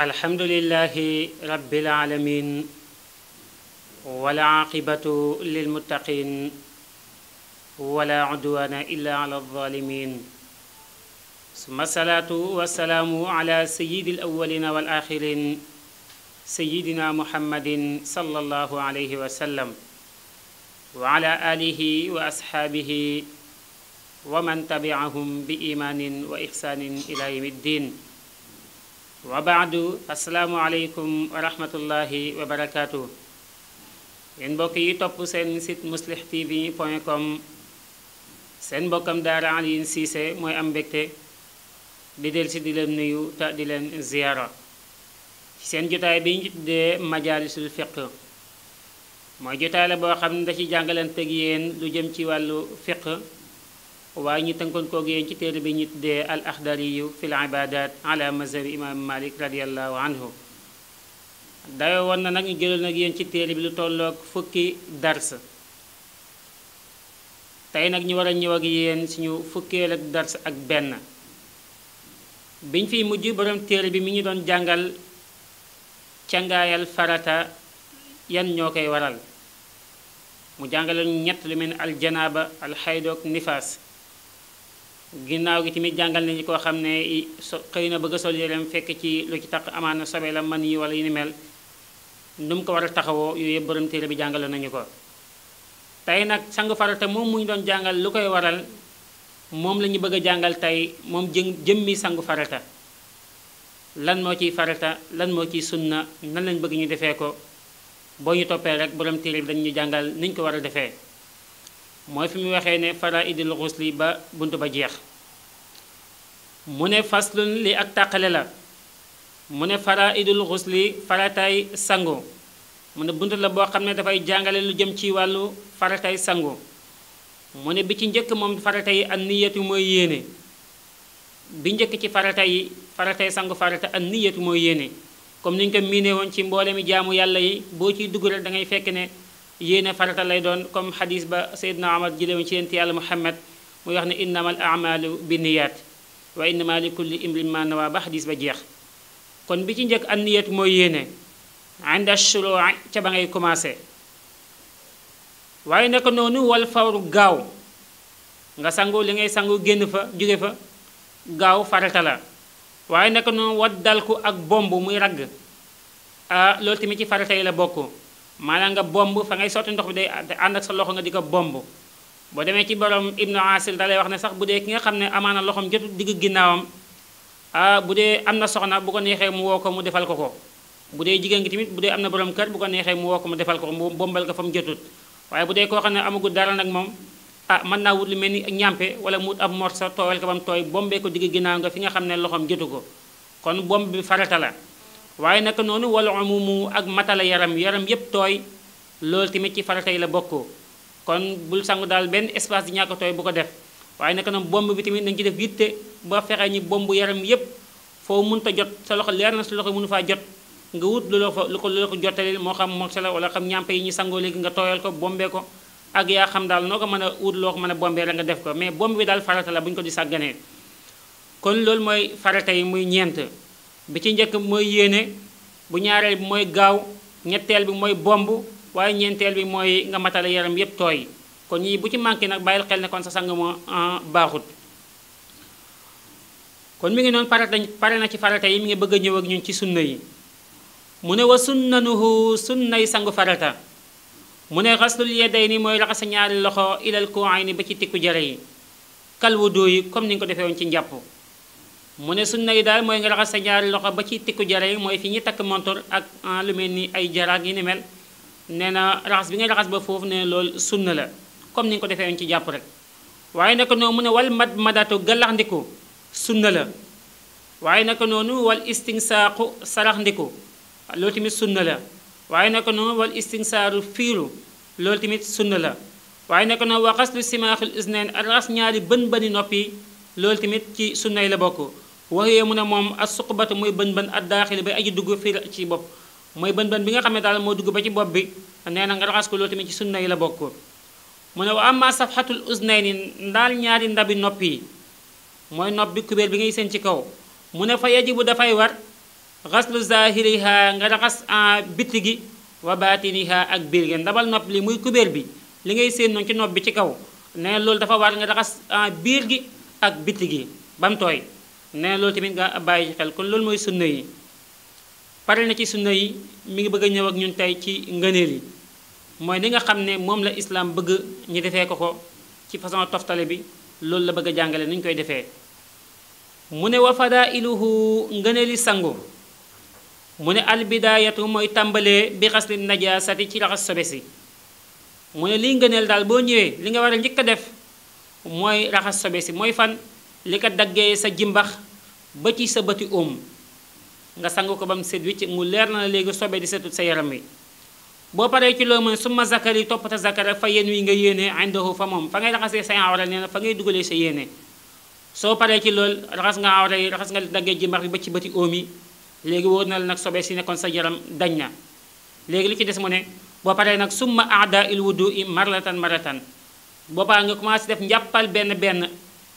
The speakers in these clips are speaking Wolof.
الحمد لله رب العالمين والعاقبة للمتقين ولا عدوان إلا على الظالمين ثم الصلاة والسلام على سيد الأولين والآخرين سيدنا محمد صلى الله عليه وسلم وعلى آله وأصحابه ومن تبعهم بإيمان وإحسان إلى يوم الدين wa baadu assalaamu aleykum wa rahmatullahi wa mbokk yi topp seen site muslih tv point com seen mbokkam daara yi Cissé mooy am mbégte di del si di leen nuyu te di leen ziyaara ci seen jotaay bi ñu tuddee majaalisul fiq mooy jotaay la boo xam ne da ci jàngalanteeg yeen lu jëm ci wàllu fiq waaye ñu tënkoon koog yéen ci téere bi ñu tuddee al axdariyu fi l ibadat ala mazhabi imam malik radiallahu anhu dayo woon na nag ñu jëloon nag yéen ci téere bi lu tolloog fukki dars tey nag ñu war a ñëw ak yéen suñu fukkeel dars ak benn biñ fiy mujj borom téere bi mu ngi doon jàngal cangaayal farata yan ñoo koy waral mu jàngale ñett lu mel ni aljanaaba alxaydoog nifaas ginnaaw gi tamit jàngal nañu koo xam ne so xëy na bëgg a sol fekk ci lu ci taq amaana sobe la man yi wala yu ni mel nu ko war a taxawoo yooyu yëpp borom téere bi jàngaloon nañu ko tey nag sangu farata moom mu doon jàngal lu koy waral moom lañu bëgg a jàngal tey moom jëm jëmmi sangu farata lan moo ciy farata lan moo ciy na nan lañ bëgg ñu defee ko boo ñu toppee rek borom téere bi dañu jàngal niñ ko war a defee mooy fi mu waxee ne faraidil xusli ba bunt ba jeex mu ne faslun li ak tàqale la mu ne faraidul xusli farataay sangoo mu ne bunt la boo xam ne dafay jàngale lu jëm ci wàllu farataay sangoo mu ne bi ci njëkk moom farata yi an niyatu mooy yéene bi njëkk ci farata yi faratay sangu farata an niyatu mooy yéene comme ni ñu ko miinee woon ci mboole mi jaamu yàlla yi boo ciy dugg rek da ngay fekk ne yéene farata lay doon comme xadis ba Seydina Omar jëlee woon ci yonent yàlla Muhammad muy wax ne innamal a'maalu binniyaat wa innama kulli imrin ma nawaa ba xadis ba jeex kon bi ci njëkk an niyat mooy yéene inda shuruu ca ba ngay commencé waaye naka noonu wal fawru gaaw nga sangu li ngay sangu génn fa jóge fa gaaw farata la waaye naka noonu waddal ku ak bomb muy ragg ah, loolu tamit ci farata yi la bokk maanaam nga bomb fa ngay sotti ndox bi day ànd ak sa loxo nga di ko bomb boo demee ci borom ibnu asir dalay wax ne sax bu dee ki nga xam ne amaana loxoom jotu digg ginnaawam ah bu dee am na soxna bu ko neexee mu woo ko mu defal ko ko bu dee jigéen gi tamit bu dee am na borom kër bu ko neexee mu woo ko mu defal ko mu bombal ko fa mu jotut waaye bu dee koo xam ne amagul dara nag moom ah mën naa wut lu mel ni ñàmpe wala mu wut ab morsa tooyal ka ba mu tooy bombee ko digg ginnaaw nga fi nga xam ne loxoom jotu ko kon bomb bi farata waaye naka noonu wala amumu ak matala yaram yaram yépp tooy loolu tamit ci faratay la bokkoo kon bul sangu daal benn espace di ñàkk tooy bu ko def waaye naka noonu bomb bi tamit nañ ci def yitte ba fexe ñi bomb yaram yépp foo mënta jot sa loxo leer na sa loxo mënu faa jot nga wut lu la fa lu ko lu la moo xam morse la wala xam ñàmpe yi ñu sangoo léegi nga tooyal ko bombee ko yaa xam daal noo ko mën a wut loo ko mën a bombee rek nga def ko mais bomb bi daal farata la bu ñu ko di sàgganee kon loolu mooy farata yi muy ñeent bi ci njëkk mooy yéene bu ñaareel bi mooy gaaw ñetteel bi mooy bomb waaye ñeenteel bi mooy nga matale yaram yépp tooy kon ñii bu ci manqué nag bàyyil xel ne kon sa sang moo ah, baaxut kon mi ngi noonu farata pare na ci farata yi mi ngi bëgg a ñëw ak ñun ci sunna yi mu ne wa sunnanuhu sunnay sangu farata mu ne xaslul yeday nii mooy raxas ñaari loxo ilal kuwaay ni ba ci tikku jare yi kal wudu yi comme ni nga ko defee ci njàpp mu ne sunna yi daal mooy nga raxas sa ñaari loxo ba ci tikku jaree mooy fii ñuy takk montor ak ah, lu mel ni ay jaraak yi ni mel nee na raxas bi ngay raxas ba foofu ne lool sunna la comme ni nga ko defee ci jàpp rek waaye naka noonu mu ne wal mad madatu galax ndiku la waaye naka noonu wal istinsaaqu sarax loolu tamit sunna la waaye naka noonu wal istinsaaru fiiru loolu tamit sunna la waaye naka noonu waxas lu simaaxil isneen raxas ñaari bën bëni noppi loolu tamit ci sunna yi la bokk waxee mu ne moom as suqbatu muy bën bën ad daaxili bay aji dugg fii ci bopp mooy bën bën bi nga xam ne daal moo dugg ba ci bopp bi nee na nga raxas ko loolu tamit ci sunna yi la bokk mu ne wa amma safxatul usnayni ndaal ñaari ndabi nopp yi mooy nopp bi kubéer bi ngay seen ci kaw mu ne fa yajibu dafay war xaslu nga raxas bitti gi wa baatiniha ak biir gi ndabal nopp li muy kubéer bi li ngay seen noonu ci nopp bi ci kaw nee loolu dafa war nga raxas biir gi ak bitti gi ba tooy nee loolu tamit nga bàyyi ci xel kon loolu mooy sunna yi pare na ci sunna yi mi ngi bëgg ñëw ak ñun tey ci ngëneel yi mooy li nga xam ne moom la islaam bëgg ñu defee ko ko ci façon toftale bi loolu la bëgg a jàngale ni ñu koy defee mu ne wa fadailuhu ngëneeli sangu mu ne albidaayatu mooy tàmbalee bi xasli najaasati ci raxas sobe si mu ne liy ngëneel daal boo ñëwee li nga war a njëkk a def mooy raxas sobe si mooy fan li ko daggee sa jimbax ba ci sa bëti om nga sang ko ba mu set ci mu leer na léegi sobe di setut sa yaram wi boo paree ci loo mën suma zakar yi toppata zakara fa yéen wi nga yéenee indahu fa moom fa ngay raxasee say awra nee na fa ngay dugalee sa yéene soo paree ci lool raxas nga awra yi raxas nga li daggee jimbax bi ba ci bëti óom yi léegi wóor na nag sobe si nekkoon sa yaram dañ na léegi li ci des mu ne boo paree nag summa aada il wudu i marlatan maratan boobaa nga def njàppal benn benn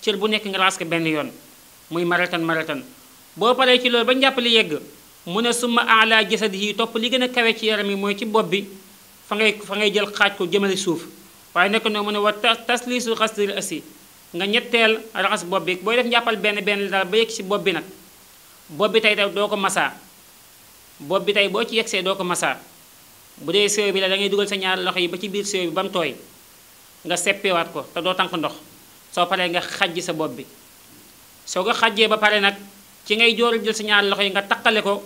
cër bu nekk nga raxas ko benn yoon muy maratan maratan boo paree ci loolu ba njàpp li yegg mu ne summa ala jasadihi topp li gën a kawe ci yaram yi mooy ci bopp bi fa ngay fa ngay jël xaaj ko jëmale suuf waaye nekk noonu mu ne wa tasliisu xasdil asi nga ñetteel raxas bopp bi booy def njàppal benn benn li daal ba yegg ci bopp bi nag bopp bi tey doo ko masaa bopp bi tey boo ci yegsee doo ko masaa bu dee séew bi la da ngay dugal sa ñaari loxo yi ba ci biir séew bi ba tooy nga seppewaat ko te doo tànk ndox soo paree nga xajji sa bopp bi soo ko xajjee ba pare nag ci ngay jooru jël sa ñaar loxo yi nga taqale ko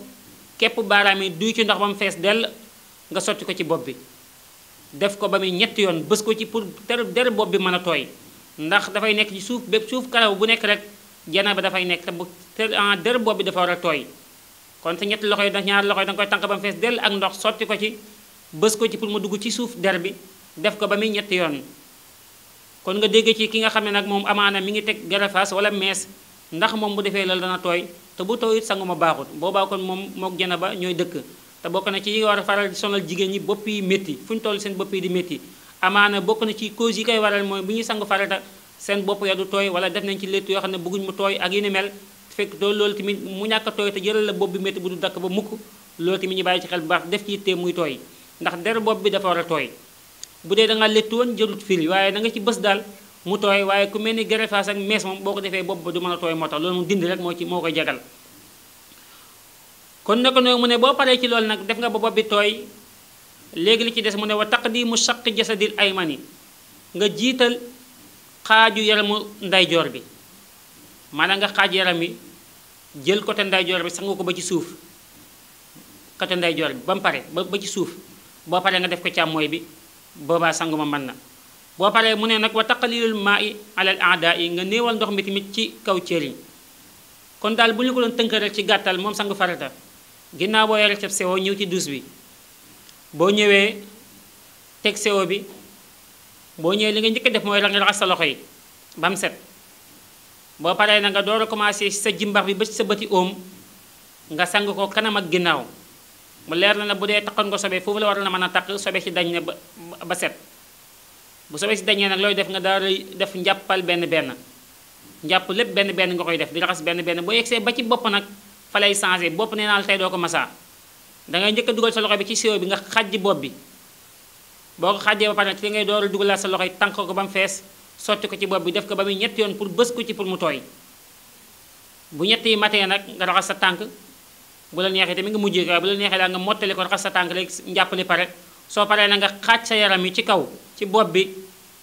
képp baaraam yi duy ci ndox ba mu fees dell nga sotti ko ci bopp bi def ko ba muy ñetti yoon bës ko ci pour ter der bopp bi mën a tooy ndax dafay nekk ci suuf bépp suuf karaw bu nekk rek jana ba dafay nekk te bu ter ah, der bi dafa war a tooy kon ñetti loxo yi da ñaari loxo da nga koy tànk ba mu fees dell ak ndox sotti ko ci bës ko ci pour mu dugg ci suuf der bi def ko ba muy ñetti yoon kon nga dégg ci ki nga xam ne nag moom amaana mi ngi teg garafaas wala mees ndax moom bu defee loolu dana tooy te bu tooy it sangu ma baaxut boobaa kon moom mook jana ba ñooy dëkk te bokk na ci yi war faral di sonal jigéen ñi bopp yi métti fu toll seen bopp yi di métti amaana bokk na ci cause yi koy waral mooy bu ñuy sangu farata seen bopp ya du tooy wala def nañ ci létt yoo xam ne bëgguñ mu tooy ak yu ni mel fekk doolu loolu tamit mu ñàkk tooy te jëral la bopp bi métti bu du dakk ba mukk loolu tamit ñu bàyyi ci xel bu baax def ci ittee muy tooy ndax der bopp bi dafa war a tooy bu dee da nga léttu woon jërut firi waaye da ci bës daal mu tooy waaye ku mel ni gerefaas ak mees moom boo ko defee bopp ba du mën a tooy moo tax loolu moo ci moo koy jagal kon naka mu ne boo paree ci loolu nag def nga ba bopp bi tooy léegi li ci des mu ne wa taqdimu shaqi jasadil aymani nga jiital xaaju yaramu ndeyjoor bi maanaam nga xaaj yaram wi jël côté ndeyjoor bi sangu ko ba ci suuf côté ndeyjoor bi ba mu pare ba ba ci suuf boo paree nga def ko càmmooy bi boobaa sangu ma man na boo paree mu ne nag wa taqalilul maa i alal aada yi nga néewal ndox mi tamit ci kaw yi kon daal bu ñu ko doon tënkal ci gàttal moom sangu farata ginnaaw boo yore ceeb sewo ñëw ci douche bi boo ñëwee teg sewo bi boo ñëwee li nga njëkk def mooy la nga raxas sa loxo yi ba mu set boo paree na nga door a commencé si sa jimbax bi ba ci sa bëti oom nga sang ko kanam ak ginnaaw mu leer na ne bu dee taqoon nga sobee foofu la war na mën a taq sobe si dañ ne ba ba set bu sobe si dañee nag looy def nga daal def njàppal benn benn njàpp lépp benn benn nga koy def di raxas benn benn boo yegsee ba ci bopp nag fa lay changé bopp nee naa la tey doo ko masaa dangay ngay njëkk a dugal sa loxo bi ci séew bi nga xajji bopp bi boo ko xajjee ba pare ci ngay door a dugalaat sa loxo yi tànk ko ba mu fees sotti ko ci bopp bi def ko ba muy ñetti yoon pour bës ci pour mu tooy bu ñett nag nga raxas sa tànk bu la neexee tamit nga mujjee euh, waaye bu la neexee daal nga mottali ko raxas sa tànk rek njàppali pare soo paree na nga xaaj sa yaram yi ci kaw ci bopp bi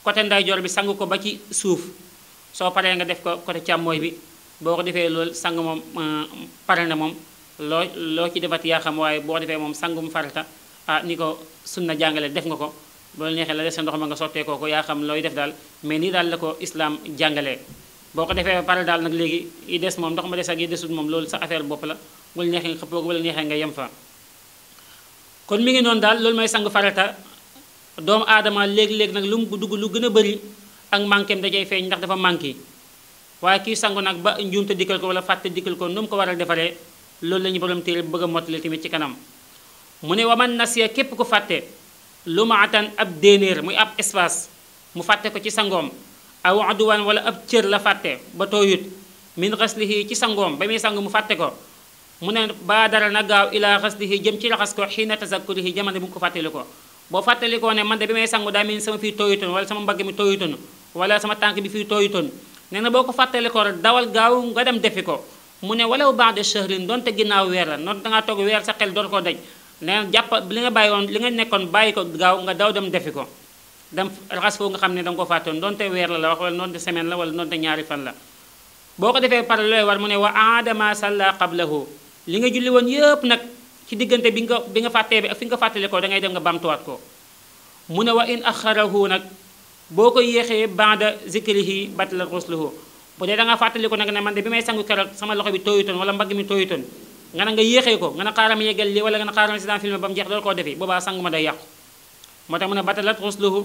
côté ndayjoor bi sang ko ba ci suuf soo paree nga def ko côté càmmooy bi boo ko defee loolu sang moom euh, pare na moom loo loo ci defat yaa xam waaye boo ko defee moom sangum farata ah ni ko sunna jàngalee def nga ko bu la neexee la des sa ndox ma nga sottee koo ko yaa xam looy def daal mais nii daal la ko islaam jàngalee boo ko defee ba pare daal nag léegi yi des moom ndox ma des ak yi desut moom loolu sa affaire bopp la bul neexee nga xëppoo wala neexee nga yem fa kon mi ngi noonu daal loolu mooy sangu farata doomu aadama léegi-léegi nag lu mu dugg lu gën a bëri ak manquem dajay feeñ ndax dafa manqué waaye kii sangu nag ba njuumte dikkal ko wala fàtte dikkal ko nu mu ko waral defaree loolu la ñu borom téere bëgg a mottali tamit ci kanam mu ne waman nasiya képp ku fàtte lu ma atan ab déenéer muy ab espace mu fàtte ko ci sangoom aw aduwan wala ab cër la fàtte ba tooyut min xaslihi ci sa ngoom ba muy sang mu fàtte ko mu ne baa dara na gaaw ilaa xaslihi jëm ci raxas ko xiina tazakkurihi jamono bi mu ko fàttali ko boo fàttali ko ne man de bi may sangu daa mel ni sama fii tooyutoon wala sama mbagg mi tooyutoon wala sama tànk bi fii tooyutoon nee na boo ko fàttali ko dawal gaaw nga dem defi ko mu ne walaw ba'da shahrin donte ginnaaw weer la noonu dangaa toog weer sa xel door koo daj nee jàpp li bàyyi woon li nga nekkoon bàyyi ko gaaw nga daw dem defi ko dem raxas foofu nga xam ne da nga ko fàttoon donte weer la la wax wala donte semaine la wala donte ñaari fan la boo ko defee pare looy war mu ne wa aadama salla qablahu li nga julli woon yépp nag ci diggante bi nga bi nga fàttee bi ak fi nga fàttale ko dangay dem nga bamtuwaat ko ko yéexee banda zikrihi batla rusluhu bu dee da nga fàttali ko nag ne man de bi may sangu keroog sama loxo bi tooyutoon wala mbagg mi tooyutoon nga ne nga yéexee ko nga ne xaaram yeggal lii wala nga ne xaaram si daan filmé ba mu jeex dool koo yàqu moo tax mu ne batalat xusluhu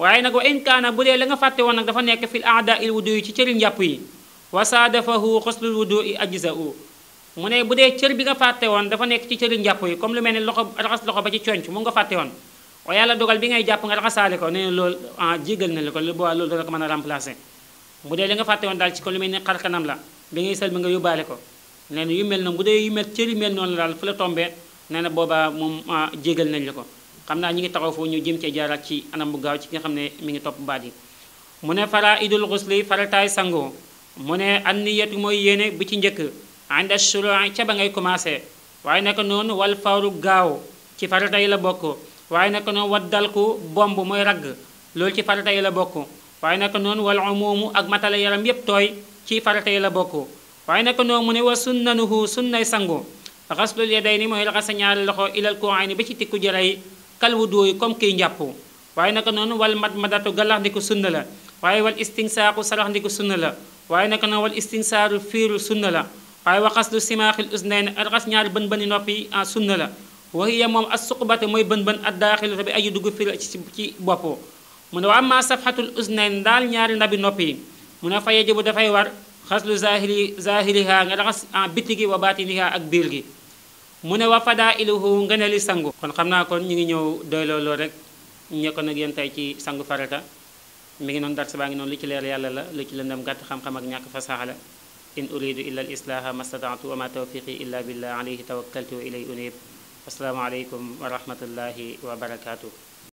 waaye nag wa in kaana bu dee la nga fàtte woon nag dafa nekk fil aada il wudu yi ci cëriñ njàpp yi wa saadafahu xuslul wudu i ajza u mu ne bu dee cër bi nga fàtte woon dafa nekk ci cëriñ njàpp yi comme lu mel ne loxo raxas loxo ba ci conc mu nga fàtte woon waaye yàlla dogal bi ngay jàpp nga raxasaale ko nee na lool ah jégal na la ko lu boobaa loolu dana ko mën a remplacer bu dee li nga fàtte woon daal ci ko l mel ne xar kanam la bi ngay nga yóbbaale ko nee mel noonu bu dee yu mel noonu daal fu la tombee nee na boobaa moom ah, jégal nañ la ko xam naa ñu ngi taxaw foofu ñu jëm cee jaaraat ci anam bu gaaw ci nga xam ne mi ngi topp baat yi mu ne faraidul xusli farataay sangoo mu ne an niyatu mooy yéene bi ci njëkk ànd ashuru'i ca ba ngay commencé waaye naka noonu wal fawru gaaw ci farata yi la bokk waaye naka noonu waddalku bomb mooy ragg loolu ci farata yi la bokk waaye naka noonu wal umumu ak matala yaram yépp tooy ci farata yi la bokk waaye naka noonu mu ne wa sunnanuhu sunnay sango xaslul yadayni mooy raxas ñaari loxo ilal ku'ayni ba ci kal wudooyu comme kiy njàpp waaye naka noonu wal mat madatu galax ndiku sunna la waaye wal istinsaaqu salax ndiku sunna la waaye naka noonu wal istinsaaru fiiru sunna la waaye waxas lu simaaxil usnayn raxas ñaari bën bëni noppi en ah, sunna la waxiya moom as suqubate mooy bën bën ak daaxilu te bi aju dugg fii ci bopp mu ne wa amma safxatul usnayn daal ñaari ndabi noppi mu ne fa yajibu dafay war xaslu zahiri zahiriha nga raxas en ah, biti gi wa ak biir gi mu ne wa fadaa iluhu nga ne li sangu kon xam naa kon ñu ngi ñëw doy loolu rek ñekkoon ak yéen tey ci sangu farata mi ngi noonu darsa baa ngi noonu lu ci leer yàlla la lu ci lëndam gàtt xam-xam ak ñàkk fasaxa la in uridu illa al islaaha ma stataatu wa ma tawfiqi illa billah alayhi tawakkaltu wa ilay unib assalaamu aleykum wa rahmatullahi wa barakaatu